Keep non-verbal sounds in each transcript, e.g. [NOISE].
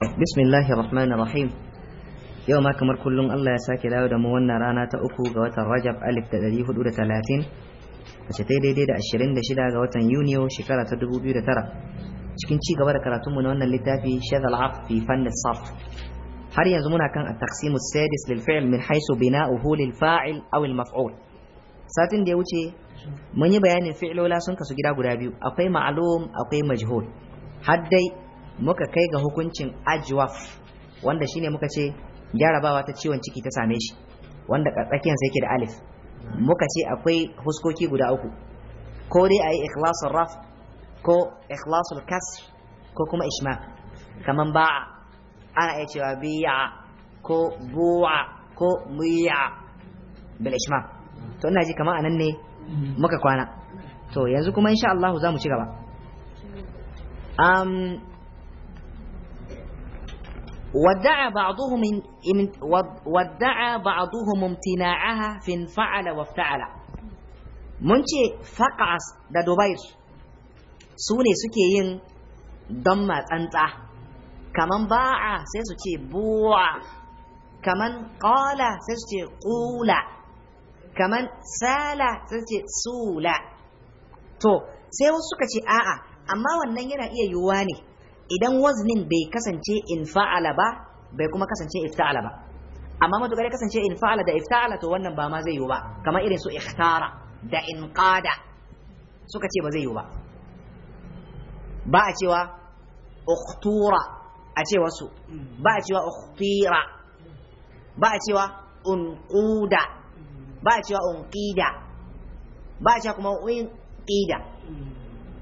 bismillahi rahmanir rahim yau ma kamar kullum Allah ya sake dawo da mu wannan rana ta uku ga watan Rajab alif da ɗari hudu da talatin wace ta daidai da ashirin da shida ga watan Yuniyo shekara ta dubu biyu da tara cikin ci gaba da karatunmu na wannan littafi shazal af fi fannin saf har yanzu muna kan a taqsimu sadis lil fi'l min haisu bina'uhu lil fa'il aw al maf'ul satin da ya wuce mun yi bayanin fi'lola sun kasu gida guda biyu akwai ma'lum akwai majhul har muka kai ga hukuncin ajwaf wanda shine muka ce jarabawa ta ciwon ciki ta same shi wanda tsakiyar sai yake da alif muka ce akwai huskoki guda uku ko dai ayi ikhlasul raf ko ikhlasul kasr ko kuma ishma kaman ba'a ana iya cewa Biya ko Buwa ko miya bil ishma to ina ji kaman anan ne muka kwana to yanzu kuma insha Allah za mu ci gaba um, وادعى بعضهم وادعى بعضهم امتناعها في انفعل وافتعل mun ce faƙas da dubair su ne suke yin don matsantsa kaman ba'a sai su ce buwa kaman ƙola sai su ce ƙula kaman sala sai su ce sula to sai wasu ce a'a amma wannan yana iya yiwuwa ne idan waznin bai kasance in fa'ala ba bai kuma kasance ifta'ala ba amma matukar ya kasance in fa'ala da ifta'ala to wannan ba ma zai yiwu ba kamar irin su ikhtara da inqada suka ce ba zai yiwu ba ba a cewa uktura a ce wasu ba a cewa uktira ba a cewa unquda ba a cewa unqida ba a cewa kuma unqida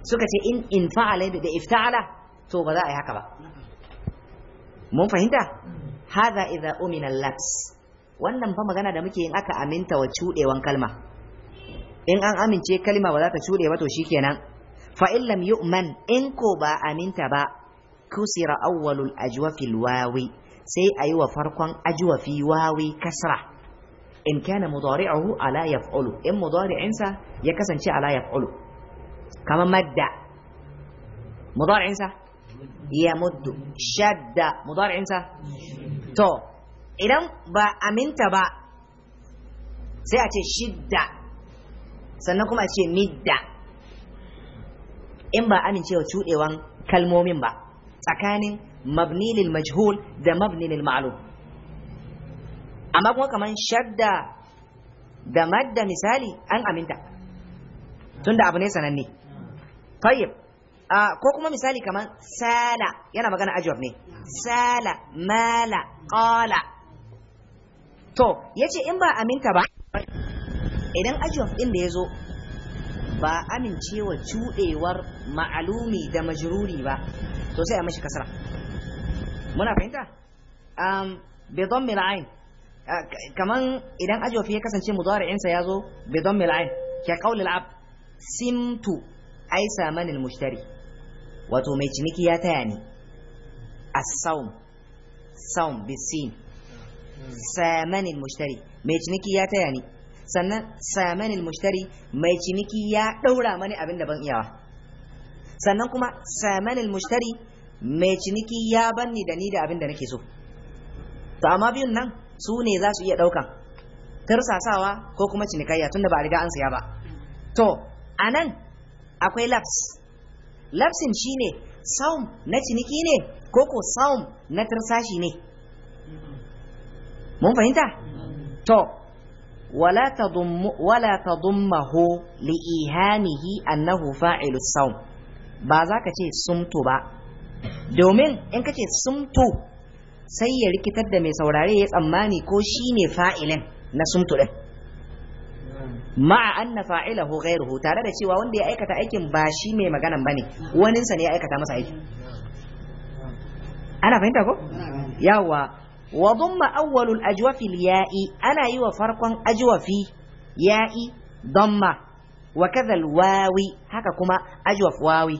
suka ce in in fa'ala da ifta'ala to ba za a yi haka ba mun fahimta hadha idza umina laps wannan fa magana da muke yin aka aminta wa cudewan kalma in an amince kalma ba za ta cude ba to shikenan fa in lam yu'man in ko ba aminta ba kusira awwalul ajwafil wawi sai ayi wa farkon ajwafi wawi kasra in kana mudari'uhu ala yaf'ulu in mudari'insa ya kasance ala yaf'ulu Kama madda mudari'insa يمد شد مضارع انسى تو idan ba aminta ba sai a ce shidda sannan kuma a ce midda in ba amincewa cuɗewan kalmomin ba tsakanin mabni majhul da mabni lil ma'lum amma kuma kaman shadda da madda misali an aminta sananne ko kuma misali kamar sala yana magana ajwab ne sala mala qala to ya ce in ba aminta ba idan ajwab din da ya zo, ba amincewa cudewar ma'alumi da majruri ba to sai a mashi kasara. muna fahimta Bidon bi dhammi al-ain kaman idan ajwab ya kasance mudari'in sa yazo bi dhammi al-ain ka qawli al-ab simtu ay samani mushtari wato mai ciniki ya taya ni a sawm sawm bisin samanin mushtari mai ciniki ya taya ni sannan samanin mushtari mai ciniki ya ɗaura mani abin da ban iyawa sannan kuma samanin mushtari mai ciniki ya banni da ni da abin da nake so to amma biyun nan su ne za su iya daukan tursasawa ko kuma cinikayya tunda ba a riga an siya ba to anan akwai laps shi ne, saum na ciniki ne ko ko saum na tirsashi ne mun fahimta to wala tadummu wala tadummahu liihanihi annahu fa'ilu saum ba za ka ce sumtu ba domin in ka ce sumtu sai ya rikitar da mai saurare ya tsammani ko shi ne fa'ilin na sumtu ɗin. ma'a anna fa'ilahu ghairuhu tare da cewa wanda ya aikata aikin ba shi mai maganan bane wani sa ne ya aikata masa aiki ana fahimta ko yawa wa dhamma awwalul ajwafi ya'i ana yi wa farkon ajwafi ya'i dhamma wa kadhal wawi haka kuma ajwaf wawi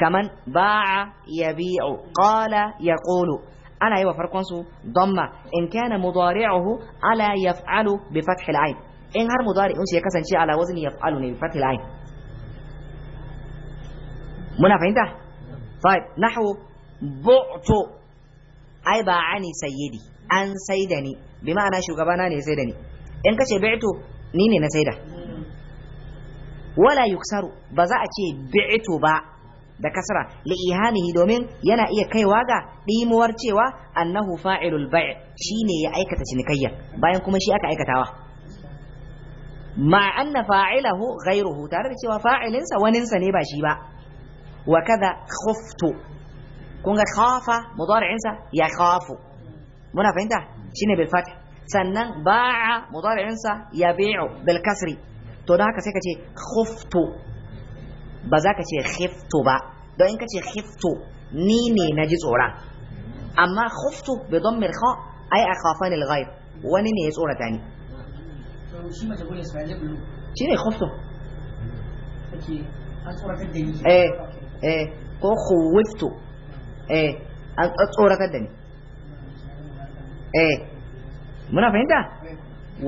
kaman ba'a yabi'u qala yaqulu ana yi wa farkon su dhamma in kana mudari'uhu ala yaf'alu bi fathil ain in har mu shi ya kasance ala wazni yaf'alu ne bi fathil muna fahimta na نحو بعت ai ba ani sayyidi an saida ni bi ma'ana shugabana ne saida ni in kace bi'tu ni ne na saida wala yuksaru ba za a ce bi'tu ba da kasra li ihanihi domin yana iya kaiwa ga dimuwar cewa annahu fa'ilul bai' shine ya aikata cinikayya bayan kuma shi aka aikatawa ma anna fa'ilahu ghayruhu tare da cewa fa'ilinsa waninsa ne ba shi ba wa kaza khuftu kun ga khafa mudari'insa ya khafu muna fahimta shine bil fath sannan ba'a mudari'insa ya bi'u bil kasri to da haka sai ka ce baza ba za ka ce khiftu ba don in ka ce khiftu ni ne na ji tsoron amma khuftu bi dhammil kha ai akhafani al ghayb wani ne ya tsorata ni shi ne khuftum eh eh ko khuwiftu eh an tsoratar da ni eh muna fahimta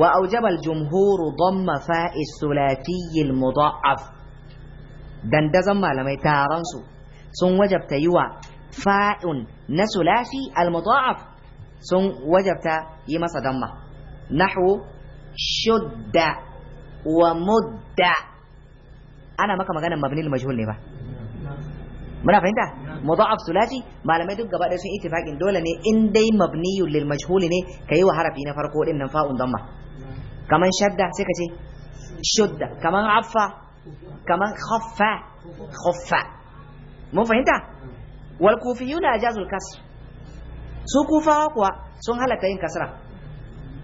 wa aujabal jumhuru dhamma fa'i sulati al mudha'af dandazan malamai taron su sun wajabta yiwa fa'un na sulasi al mudha'af sun wajabta yi masa damma nahwu shudda wa mudda ana maka magana mabnil majhul ne ba muna fahimta mudha'af sulasi malamai duk gaba sun ittifaqin dole ne in dai mabniyul lil majhul ne kai wa harafi na farko din nan fa'un damma kaman shadda sai ka ce shudda kaman affa kaman khaffa khaffa mun fahimta wal kufiyuna ajazul kasr su kufawa kuwa sun halatta yin kasra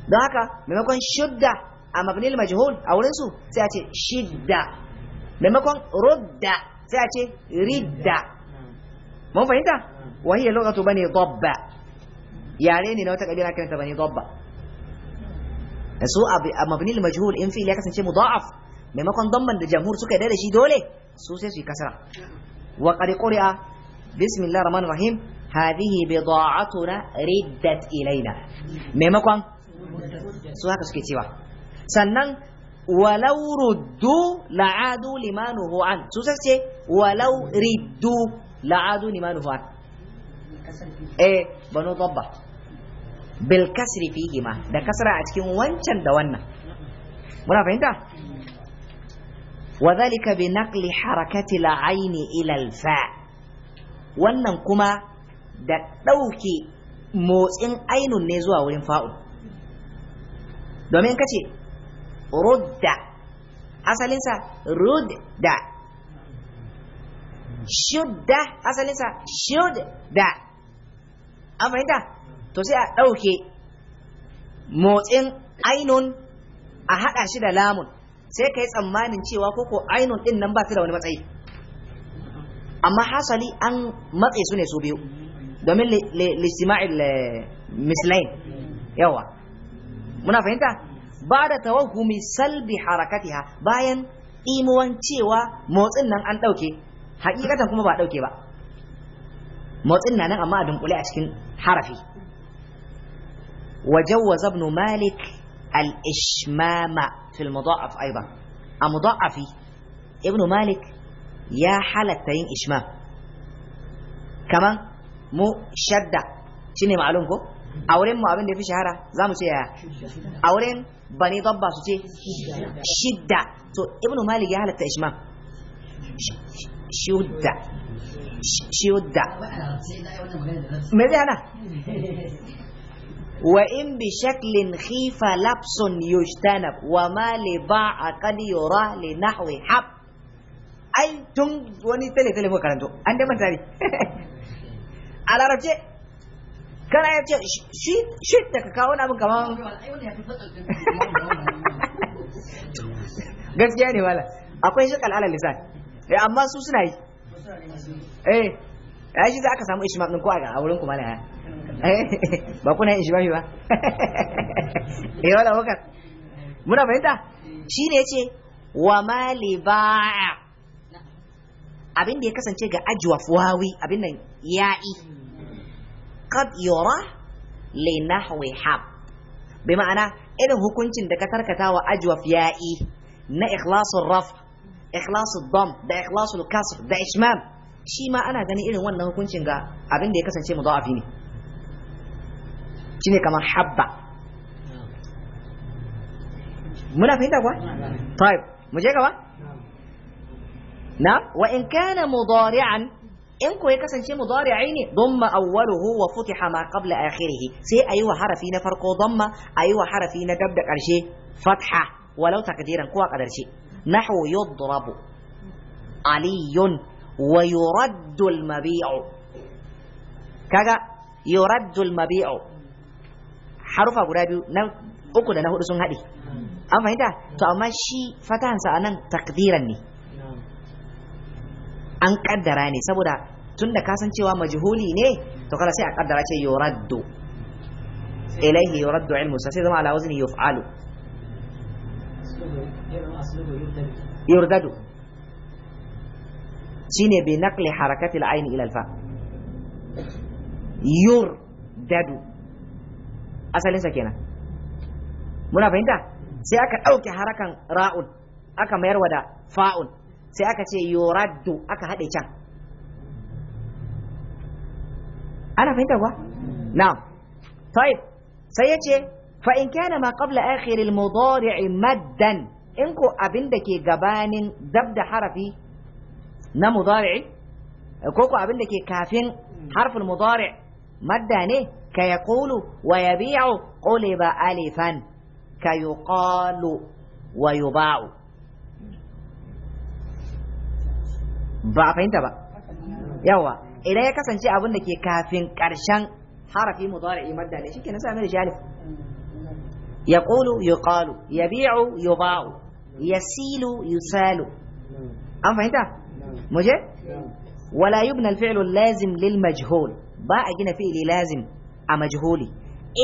don haka maimakon shudda a mabnil majhul a wurin su sai a ce shidda maimakon rudda sai a ce ridda mun fahimta wa hiya lughatu bani dabba yare ne na wata kabila kiranta bani dabba su a mabnil majhul in fi'il ya kasance mudha'af maimakon damban da jamhur suka yarda da shi dole su sai su yi kasra wa qad quri'a bismillahir rahmanir rahim hadhihi bida'atuna riddat ilaina maimakon su haka suke cewa sannan walau ruddu la'adu limanu hu'an su sai ce walau riddu la'adu limanu hu'an eh banu dabba bil kasri fihi ma da kasra a cikin wancan da wannan muna fahimta wa bi naqli harakati la'aini ila al-fa wannan kuma da dauke motsin ainun ne zuwa wurin fa'u domin ka ce rudda asalinsa rudda shudda asalinsa shudda an fahimta to sai a ɗauke motsin ainun a haɗa shi da lamun sai ka yi tsammanin cewa ko ainun ɗin nan ba ta da wani matsayi amma hasali an matse su ne su biyu domin lissima'il eh, mislain yawa muna fahimta ba da tawahumi salbi harakatiha bayan imuwan cewa motsin nan an ɗauke hakikatan kuma ba ɗauke ba motsin na nan amma a dunkule a cikin harafi wajen wazabnu malik al-ishmama fil mudu'af aiba a mudu'afi Ibnu malik ya halatta yin ishmam kamar mu shadda shi ne ma'alun ko a wurin mu abin da ya fi shahara za mu ce yaya a wurin bani dabba su ce shidda to ibnu malik ya halatta ishmam shudda shudda me zai hana wa in bi shaklin khifa lapsun yushtanab wa ma li ba'a qad yura li nahwi hab ai tun wani tele tele mu karanto an da manta ne a larabce kana ya ce shi shi da ka kawo abin kamar [LAUGHS] gaskiya ne wala akwai shi kalala lisan eh amma su suna yi eh ya shi za ka samu ishmaq din ko a wurin kuma ya eh? eh, [LAUGHS] ba kuna yin ishmaq ba [LAUGHS] eh wala waka muna fahimta ne ce wa ma li ba'a abin da ya kasance ga ajwa fuwawi abin nan ya'i قد يرى لنحو حب بمعنى إذا هكونتين دكتر كتاوى أجوف يائي نا إخلاص الرفع إخلاص الضم ده إخلاص الكسر ده إشمام شي ما أنا غني إذا وانا هكونتين غا أبين دي كسن شي مضاعفيني شيني كمان حبة منا فهمت أقوى طيب مجيكا نعم وإن كان مضارعا in ko ya kasance mudari'i ne damma awwaluhu wa futiha ma qabla akhirih sai ayi wa harafi na farko damma ayi wa harafi na dab da karshe fatha walau takdiran ko a kadarce nahwu yudrabu aliyun wa yuraddu al-mabi'u kaga yuraddu al-mabi'u harufa guda biyu na uku da na hudu sun haɗe an fahimta to amma shi fatahansa anan takdiran ne an kaddara ne saboda tunda da kasan cewa majhuli ne to kada sai a kaddara ce yuraddu ilaihi yuraddu ilmu sai zama ala wazni yuf'alu yuraddu shine bi naqli harakati al-ayn ila al-fa yuraddu asalin sa kenan muna fahimta sai aka dauke harakan ra'un aka mayar wa da fa'un sai aka ce yoraddu aka haɗe can ana fahimta kuwa na'am طيب sai yace fa in kana ma qabla akhir al mudari' maddan in ko abin da ke gabanin dab da harafi na mudari' ko ko abin da ke kafin harfin mudari' madda ne ka yaqulu wa yabi'u quliba alifan ka yuqalu wa yuba'u ba a fahimta ba yawa idan ya kasance abin da ke kafin karshen harafi mudari'i madda ne shikenan sai mai jalif ya yuqalu yabi'u yuba'u yasilu yusalu an fahimta muje wala yubna al-fi'lu lazim lil majhul ba a gina fi'li lazim a majhuli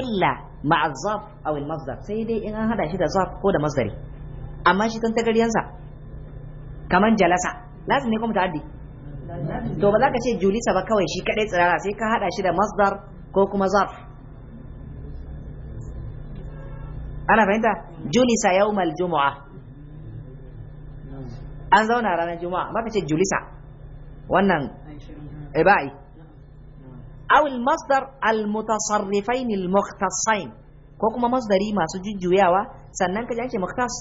illa ma'a zaf aw al-masdar sai dai in an hada shi da zaf ko da masdari amma shi tan tagariyansa kaman jalasa lazim ne ko mutaaddi to ba za ka ce julisa ba kawai shi kadai tsirara sai ka hada shi da masdar ko kuma zarf ana fahimta julisa yawmal jumu'a an zauna ranar juma'a ba ka ce julisa wannan ibai eh, aw al masdar al mutasarrifain al mukhtassain ko kuma masdari masu jujjuyawa sannan ka ji ake mukhtas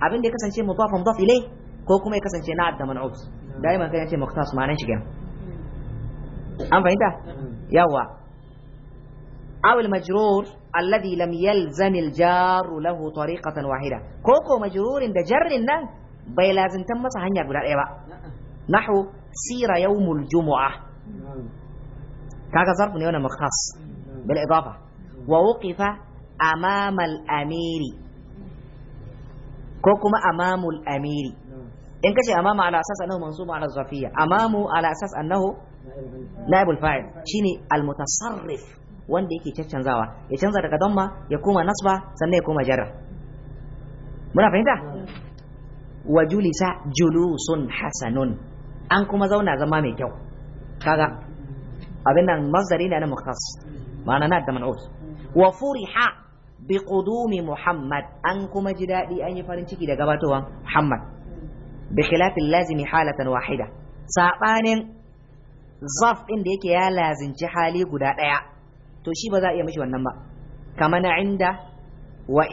abin da ya kasance mudaf mudaf ilai ko kuma ya kasance na'at da man'ut daiman kan yace muktas ma'anan shi kenan an fahimta yawa aw al majrur alladhi lam yalzam al jar lahu tariqatan wahida ko ko majrurin da jarrin nan bai lazimtan masa hanya guda daya ba nahu sira yawmul jumu'ah kaga zarfu ne wannan muktas bil idafa wa waqifa amama al amiri ko kuma amamul amiri in kace amamu ala asas annahu mansub ala zafiyya amamu ala asas annahu naibul fa'il shine al mutasarrif wanda yake caccanzawa ya canza daga damma ya koma nasba sannan ya koma jarra muna fahimta wa julisa julusun hasanun an kuma zauna zama mai kyau kaga abin nan masdari ne na mukhtas ma'ana na da man'ut wa furiha bi qudumi muhammad an kuma ji dadi an yi farin ciki da gabatowa muhammad bi khilafin lazimi halatan wahida Saɓanin zaf ɗin da yake ya lazinci hali guda ɗaya, to shi ba za a iya mishi wannan ba kama na inda wa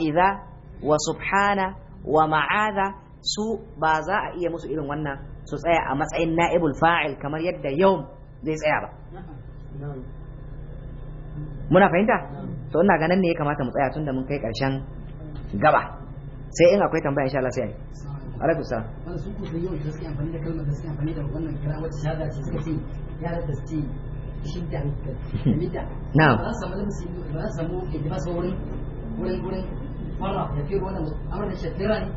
wa subhana wa ma'aza su ba za iya musu irin wannan su tsaya a matsayin na'ibul fa'il kamar yadda yau zai tsaya ba muna fahimta to ina ganin ne ya kamata mu tsaya tun da mun kai karshen gaba sai in akwai tambaya insha sai Ala alaikum sa. wanda su ku yau da suke amfani da kalmar da suke amfani da wannan kira wacce shahada ce suka ce yara da su ce shidda da midda na'am ba su samu lamsi ba su samu ijmas wurin wurin wurin fara da fiye wannan amana shafira ne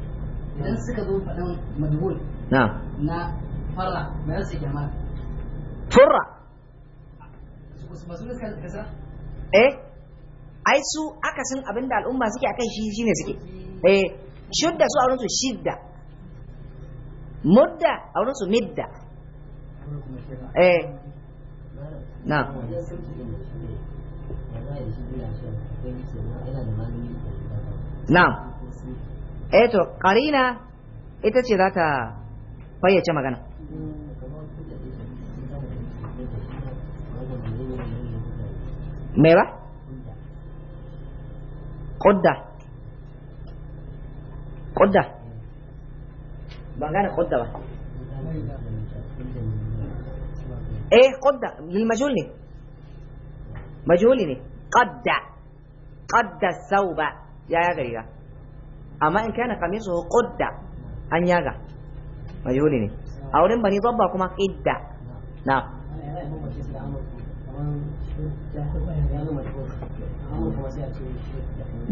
idan suka zo faɗan madhul na'am na fara ba su kyama furra masu da kasa eh ai su akasin abinda al'umma suke akan shi shine suke eh shidda su a wurin su shidda mudda a wurin su midda eh na na eh to karina ita ce za ta fayyace magana me ba? kudda kudda ban gane khudda ba eh khudda lil majhul ne majhuli ne qadda qadda sauba ya yaga riga amma in kana qamisuhu qudda an yaga majhuli ne a wurin bani dabba kuma qidda na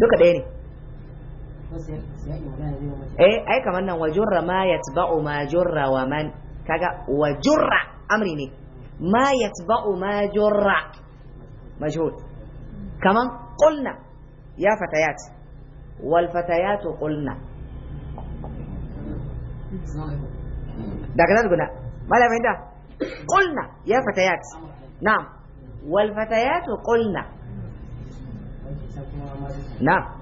duka ɗaya ne eh ai kamar nan wajurra ma yatba'u ma jurra wa man kaga wajurra amri ne ma yatba'u ma jurra majhul kaman qulna ya fatayat wal fatayatu qulna da kana guna mala da qulna ya fatayat na'am wal fatayatu qulna na'am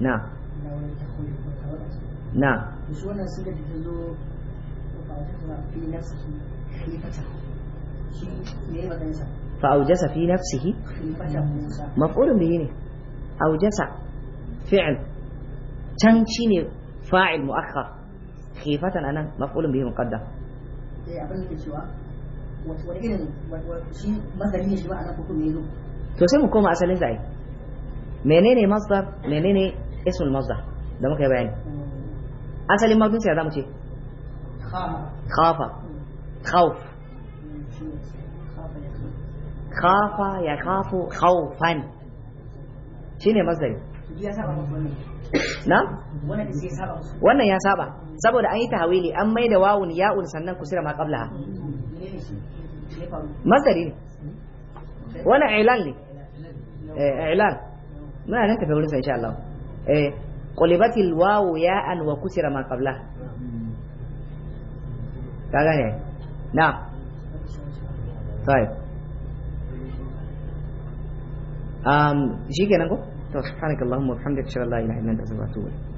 na na fa aujasa fi nafsihi maf'ulun bihi ne aujasa fi'l can shi ne fa'il mu'akhkhar khifatan anan maf'ulun bihi muqaddam eh abin da cewa wato wani irin wato shi masalin shi ba anan hukum yazo to sai mu koma asalin zai menene masdar menene ismul masdar da muka yi bayani asalin mafin sai za mu ce khafa khawf khafa ya khafu khawfan shine masdari na wannan ya saba saboda an yi tawili an mai da wawun ya'un sannan sira ma qabla masdari ne wannan ilan ne eh, ilan muna nan tafi wurin insha Allah eh qulibatil wawu an wa kusira ma qabla ka gane na طيب um, شيء كده نقول سبحانك اللهم وبحمدك اشهد ان لا اله الا انت استغفرك